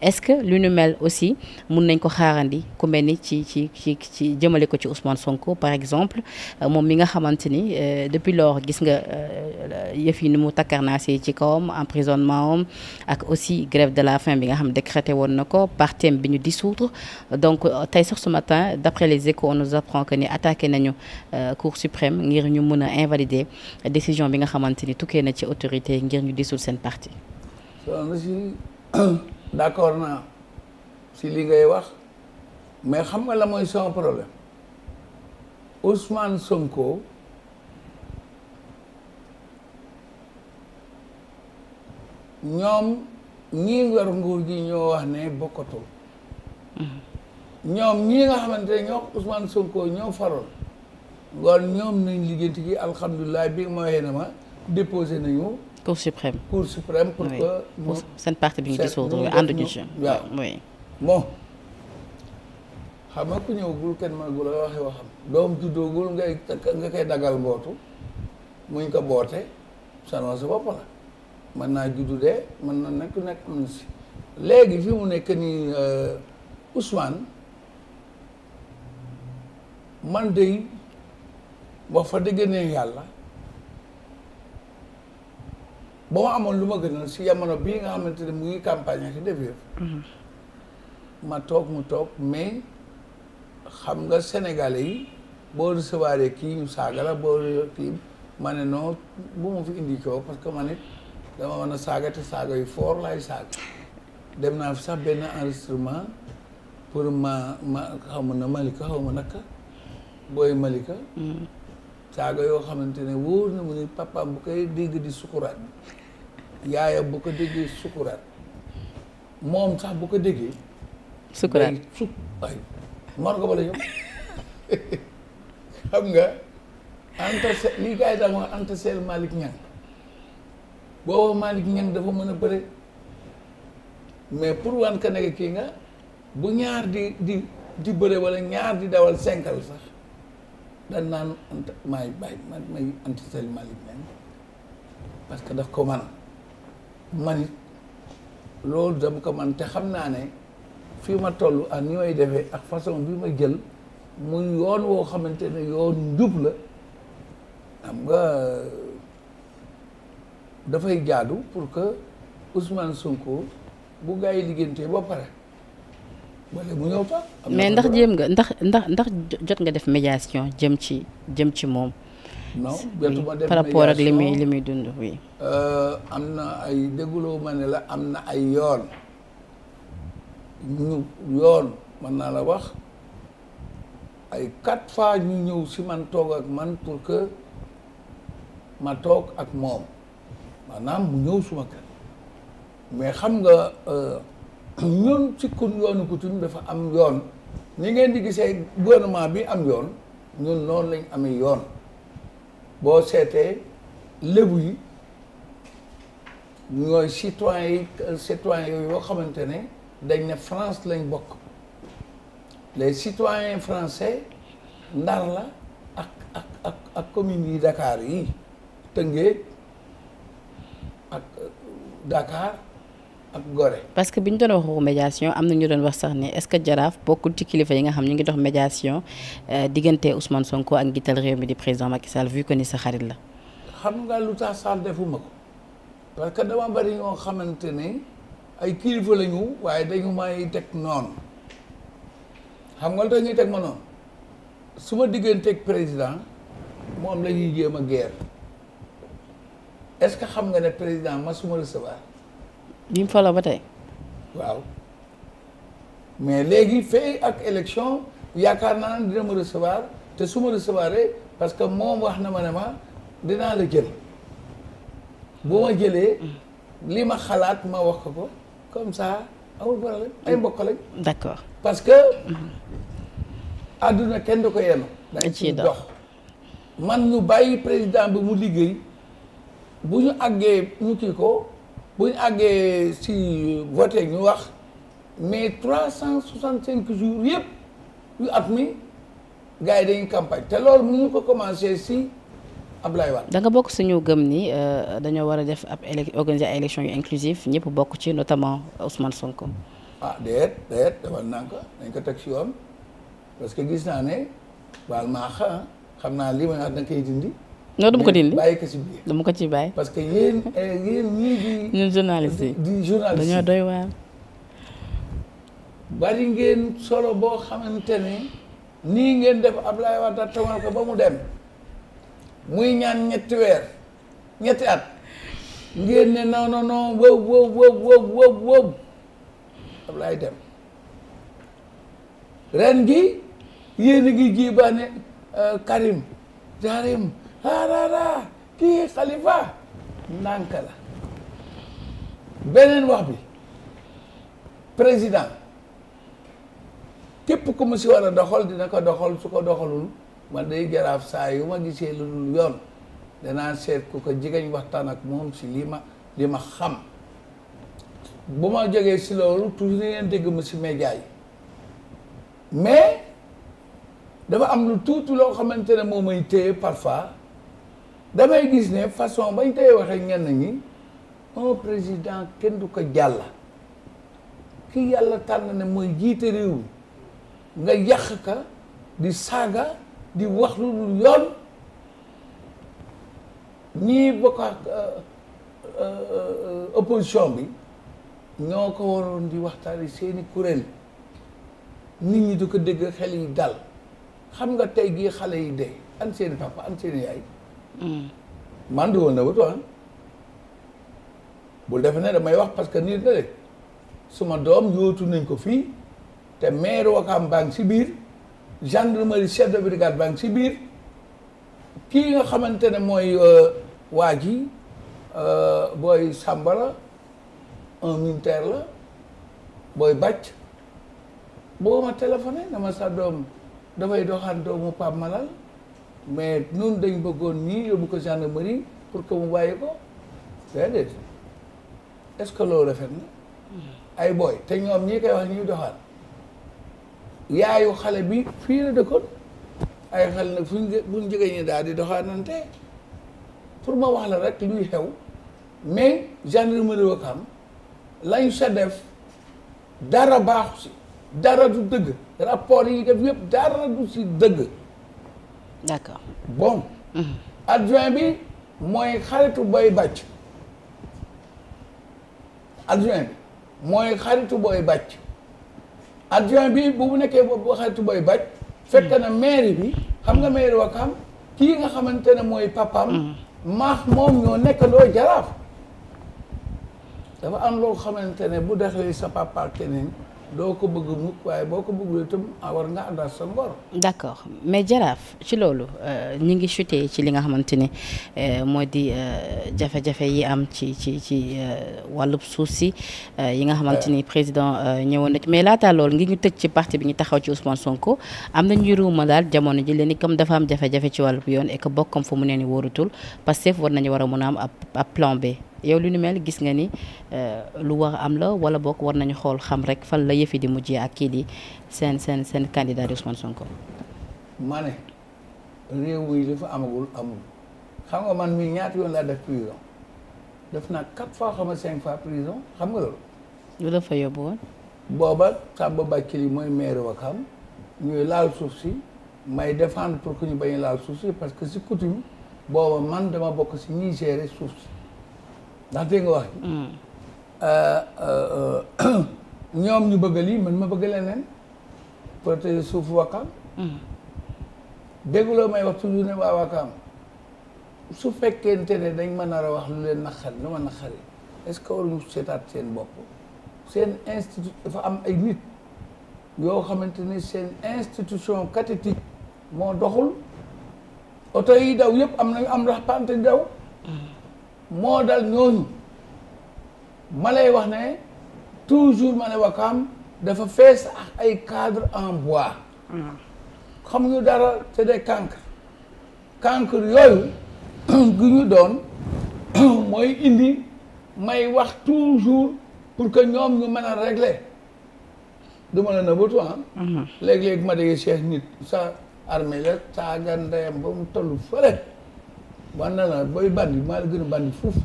est-ce que lu nu mel aussi mun nañ ko xaarandi ku ni ci ci ci ci jëmale ko ci Ousmane Sonko par exemple euh, moom mi nga xamante ni euh, depuis lors gis nga euh, yëf yi nu mu naa takkarnaasee ci kawam emprisonnement am ak aussi grève de la fin bi nga xam décrété woon na ko partem bi ñu dissoudre donc tey sax ce matin d'après les échos on nous apprend que ni attaqué nañu Cour suprême ngir ñu mun a invalider décision bi nga xamante ni tukkee na ci autorité ngir ñu dissoudre seen parti d'accord naa si li ngay wax mais xam nga la mooy son problème Ousmane Sonko ñoom ñii war nguur gi ñoo wax ne bokkatoo mm-hmm. ñoom ñii nga xamante ne ñoo Ousmane Sonko ñoo faroon ngoon ñoom nañ liggéenti gi alhamdulilah bi ma waxee na ma déposé nañu cour suprême. pour oui. que. pour seen parti bi ñu dissoudre ñu ànduñu ci. waaw oui. bon xam nga ku ñëwagul kenn mënagul la nga koy dagal mbootu muñ ko boote sanoo sa bopp la mën naa juddu de mën na nekk nekk am si léegi fi mu nekk nii euh, Ousmane man de wax fa dëgg ne yàlla. ba ma amoon lu ma gën gënal si jamono bii nga xamante ne mu ngi campagne ak def mhm. ma toog mu toog mais xam nga sénégalais yi boo recevoir kii ñu saaga la boo kii ma ne non bu ma fi indi coow parce que ma nit dama mën a saaga te saaga yu fort laay saaga dem naa fi sax benn enregistrement pour ma ma xaw ma na Malika xaw ma naka booy Malika. Mhm. saaga yoo xamante ne wóor na mu ne papaam bu koy dégg di sukuraat yaayam bu ko déggee sukuraat moom sax bu ko déggee. sukuraat day suk ay mor ko bala yëpp xam nga anta se lii gars yi daan wax anta seel Malick Niang boo wax Malick Niang dafa mën a bëre mais pour wan ka nekk kii nga bu ñaar di di di bëre wala ñaar di dawal cinq sax. dañ naan ant maay bàyyi ma may anti Sëriñ parce que daf ko man man loolu dama ko man te xam naa ne fi ma toll ak ni may defee ak façon bi ma jël mu yoon woo xamante ne yoon njub la xam nga dafay jaadu pour que Ousmane Sonko bu gaa yi liggéeyante ba pare mais ndax jéem nga ndax ndax ndax jot nga def médiation jëm ci jëm ci moom. non par rapport ak li muy li muy dund oui. Euh, am na ay dégguloo ma ne la am na ay yoon ñu yoon mën naa la wax ay quatre fois ñu ñëw si man toog ak man pour que ma toog ak moom maanaam mu ñëw suma kër mais xam nga. Euh, ñun ci kun yoonu coutume dafa am yoon ni ngeen di gisee gouvernement bi am yoon ñun noonu lañ amee yoon boo seetee lébu yi ñooy citoyen yi citoyen yooyu yoo xamante ne dañ ne France lañ bokk les citoyens français ndar la ak ak ak ak yi Dakar yi Tëngéej ak Dakar ak gore parce que bi ñu doon wax waxu médiation am na ñu doon wax sax ne est-ce que jaraaf bokkul ci kilifa yi nga xam ñu ngi dox médiation euh, diggante Ousmane Sonko ak njiital réew mi di président Macky Sall vu que ni sa xarit la. xam nga lu tax sax defuma ko parce que dama bari ñoo xamante ne ay kilifa lañu waaye dañu may teg noonu xam nga lu te ñuy teg ma noonu su ma digganteeg président moom la ñuy jéem a guerre est-ce que xam nga ne président ma suma recevoir. bi mu faloo ba tey. waaw mais léegi fee ak élection yaakaar naa ne dina ma recevoir te su ma recevoir parce que moom wax na ma ne ma dinaa la jël bu ma jëlee. li ma xalaat ma wax ko ko comme ça amul problème ay mbokk lañ. d'accord parce que. àdduna kenn du ko yenu dañ ci dox man ñu bàyyi président bi mu liggéey bu ñu àggee ñu kii ko. bu ñu àggee si voté ñu wax mais trois cent soixante cinq jours yëpp yu at mi gars yi dañuy campagne te lool mu ngi ko commencé si Ablaye Wade. da nga bokk suñu gëm ni euh, dañoo war a def ab élec organiser ay élections yu inclusive ñëpp bokk ci notamment Ousmane Sonko. ah déet déet defal naa dañ ko teg si yoon parce que gis naa ne baal maa ah, xam naa li ma wax da koy dindi. non dama ko dindi bàyyi ko dama ko ci bàyyi. parce que yéen eh, yéen ñii di. ñun journaliste di journaliste dañoo doy waar. bari ngeen solo boo xamante ne nii ngeen def Ablaye Wade tawal ko ba mu dem muy ñaan ñetti weer ñetti at ngeen ne non non non wow wow wow wow dem ren gi yéen a ji ba euh, Karim Karim. xaaraara ah, ah, ah, kii xalifa ndànk la beneen wax bi président képp ku mu si war a doxal dina ko doxal su ko doxalul man day jaraaf saa yu ma gisee lu dul yoon danaa seet ku ko jigéen waxtaan ak moom si lii ma li ma xam bu ma jógee si loolu toujours ngeen dégg ma si média yi mais dafa am lu tuuti loo xamante ne moom may téye parfois damay gis ne façon bañ tey waxee ñenn ñi un président kenn du ko jàll ki yàlla tànn na mooy jiite réew nga yàq ka di saaga di wax lu dul yoon ñii bokk ak euh, euh, euh, opposition bi ñoo ko waroon di waxtaani seeni kuréel nit ñi du ko dégg xel yi dal xam nga tey gii xale yi dee an seeni papa an seeni yaay màndu woon na wutu ah bul defe ne damay wax parce que nit la de suma doom yóotu nañ ko fii te maire Wakaam baa si biir gendarmerie chef de brigade baa ngi si biir kii nga xamante ne mooy euh, waa ji euh, booy sàmbara un militaire la booy bàcc boo ma téléphoné na ma sa doom dafay doxaan doomu Pape Malal mais nun dañ bëggoon nii yóbbu ko gendarmerie pour que mu bàyyi ko déedéet est-ce que loolu rafet na hmm. ay booy te ñoom ñii koy wax ñuy doxaan yaayu xale bi fii la dëkkoon ay xale nag fuñ fuñ jógee ñi daal di doxaanante pour ma wax la rek luy xew mais gendarmerie Ouakam lañ sa def dara baaxu si dara du dëgg rapport yi def yëpp dara du si dëgg d'accord bon. Mm-hmm. adjoint bi mooy xaritu booy bàcc. adjoint bi mooy xaritu booy bàcc. adjoint bi bu mu nekkee boobu xaritu booy bàcc. fekk na mm-hmm. maire bi xam nga maire Wakam kii nga xamante ne mooy papaam. Mm-hmm. maax moom ñoo nekkandoo jaraaf. dafa am loo xamante ne bu dexee sa papa keneen. doo ko bëgg mukk waaye boo ko bëggul itam war nga àndaat sa ngor. d'accord mais jaraaf ci loolu euh, ñi ngi chuté ci li nga xamante ne euh, moo di euh, jafe-jafe yi am ci ci ci wàllub suuf si yi nga xamante ni président ñëwoon na ci mais laataa loolu ngi ñu tëj ci parti bi ñu taxaw ci Ousmane Sonko am na ñu ruuma daal jamono ji leen ni comme dafa am jafe-jafe ci wàllub yoon et que bokkam fu mu ne ni wóorutul parce que war nañu war a mën a am ab ab plan B. yow lu nu mel gis nga ni euh, lu wax am la wala bokk war nañu xool xam rek fan la yëfi di mujjee ak kii di seen seen seen candidat di Ousmane Sonko. ma ne réew mi dafa amagul amul xam nga man mii ñaata yoon laa def prison def naa quatre fois xam nga cinq fois prison xam nga loolu. lu la fa yóbbu woon. booba Samba Bakkili mooy maire wa xam ñuy laal suuf si may défendre pour que ñu bañ laal suuf si parce que si coutume booba man dama bokk si ñiy suuf si. ndax dégg nga wax mm. euh, euh, euh, ñoom ñu bëgg lii man ma bëgg leneen protéger suufu Wakaam mm. dégguloo may wax toujours ne waa Wakaam su fekkente ne dañ ma nar wax lu leen naqari lu ma naqari est-ce que waruñu seetaat seen bopp seen institut dafa am ay nit yoo xamante ni seen institution cathétique moo doxul oto yi daw yëpp am nañu am raxpante daw mm. moo dal ñooñu ma lay wax ne toujours ma ne wax Wakam dafa fees ak ay cadre en bois xamuñu dara c'est des cancres cancres yooyu gu ñu doon mooy indi may wax toujours pour que ñoom ñu mën a régler du ma ne nëbbatu ah mhm. léeg-léeg ma déggee cheikh nit sa armée la saaga ndeyam ba mu toll fële man naa naa booy bandi maa la gën a bandi foofu